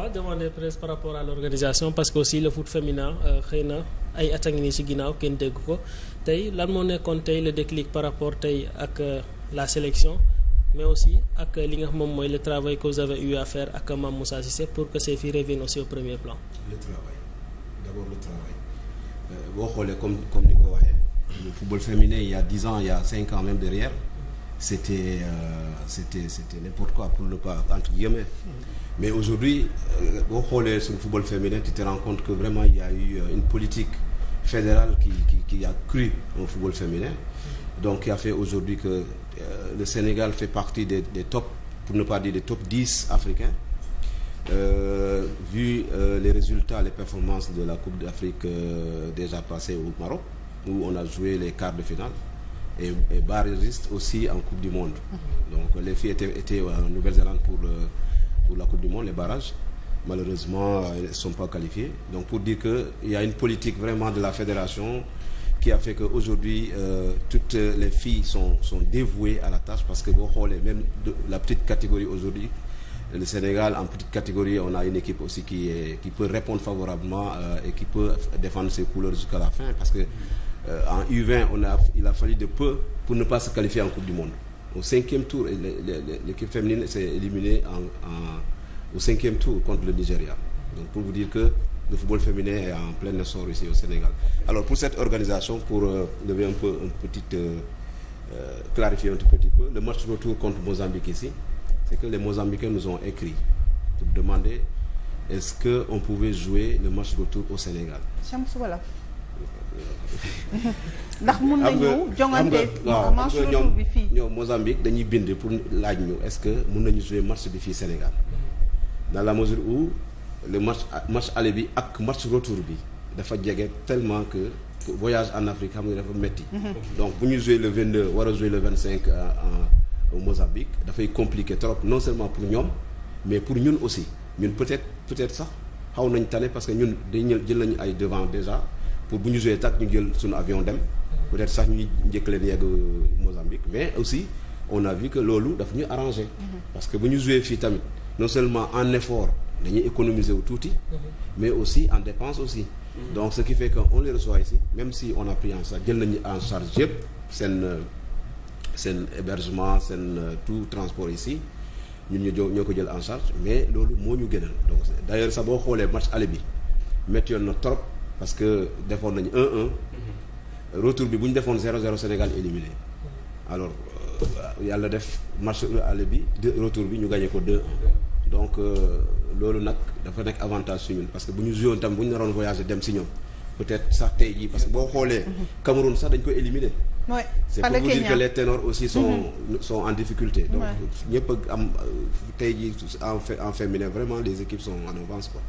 waa demandé presse par rapport à l'organisation parce que aussi le foot féminin euh, xëy na ay at ci ginnaaw kenn dégg ko tey lan moo nekkoon tey le déclique par rapport tey ak euh, la sélection mais aussi ak euh, li nga xam moom mooy le travail que vous avez eu à ak Mame Moussa Cissé pour que ces filles reviennent aussi au premier plan. le travail boo xoolee comme comme ni ko waxee. le football féminin il y a dix ans il y a cinq ans même derrière. c'était euh, c'était c'était n'importe quoi pour le pas entre guillemets mais aujourd'hui euh, boo xoolee suñu football féminin tu te rends compte que vraiment il y a eu euh, une politique fédérale qui qui qui a cru au football féminin donc qui a fait aujourd'hui que euh, le Sénégal fait partie des des top pour ne pas dire des top 10 africains euh, vu les résultats les performances de la Coupe d'Afrique déjà passée au Maroc où on a joué les quarts de finale et, aussi en Coupe du Monde. Donc les filles étaient, étaient en Nouvelle-Zélande pour, euh, pour la Coupe du Monde, les barrages. Malheureusement, elles ne sont pas qualifiées. Donc pour dire qu'il y a une politique vraiment de la fédération qui a fait qu'aujourd'hui, euh, toutes les filles sont, sont dévouées à la tâche parce que bon, même de, la petite catégorie aujourd'hui, le Sénégal, en petite catégorie, on a une équipe aussi qui, est, peut répondre favorablement euh, et qui peut défendre ses couleurs jusqu'à fin parce que Euh, en U20, on a, il a fallu de peu pour ne pas se qualifier en Coupe du Monde. Au cinquième tour, l'équipe féminine s'est éliminée en, en, au cinquième tour contre le Nigeria. Donc pour vous dire que le football féminin est en plein essor ici au Sénégal. Alors pour cette organisation, pour euh, lever un peu une petite euh, euh, clarifier un petit peu, le match retour contre Mozambique ici, c'est que les Mozambicains nous ont écrit pour demander est-ce qu'on pouvait jouer le match ndax mun nañu jongante match retour bi fii ñoom Mozambique dañuy bind pour laaj ñu est-ce que mun nañu jouer match bi fii Sénégal dans la mesure où le match match aller bi ak match retour bi dafa jege tellement que voyage en Afrique xam nga dafa metti mhm. donc bu ñu jouer le 22 war a jouer le 25 euh, en Mozambique dafay compliqué trop non seulement pour ñoom mais pour ñun aussi ñun peut-être peut-être sax xaw nañ tane parce que ñun day jël nañu ay devant déjà pour bu ñu joué tak ñu jël suñu avion dem peut-être sax ñuy njëkk leen yegg Mozambique mais aussi on a vu que loolu daf ñu arrangé mm-hmm. parce que bu ñu joué fii tamit non seulement en effort dañuy économisé wu tuuti mm-hmm. mais aussi en dépense aussi mm-hmm. donc ce qui fait que on les reçoit ici même si on a en charge jël nañu en charge yëpp seen seen hébergement seen tout transport ici ñun ñu ñoo ko jël en charge mais loolu moo ñu gënal donc day sax boo xoolee match aller bi métti na trop parce que defoon nañu 1 mhm. retour bi bu ñu defoon 0-0 Sénégal éliminé alors euh, yàlla def match aller bi retour bi ñu gagné ko 2-1 donc euh, loolu nag dafa nekk avantage suñu parce que bu ñu joué tam bu ñu naroon voyager dem si ñoom peut-être sax tey ji parce que boo xoolee. Mhm. Cameroun sax dañ ko éliminé. mooy c'est pour vous dire que aussi son mhm. sont en difficulté. donc ñëpp am euh, tey jii en en féminin vraiment les équipes sont en avance quoi.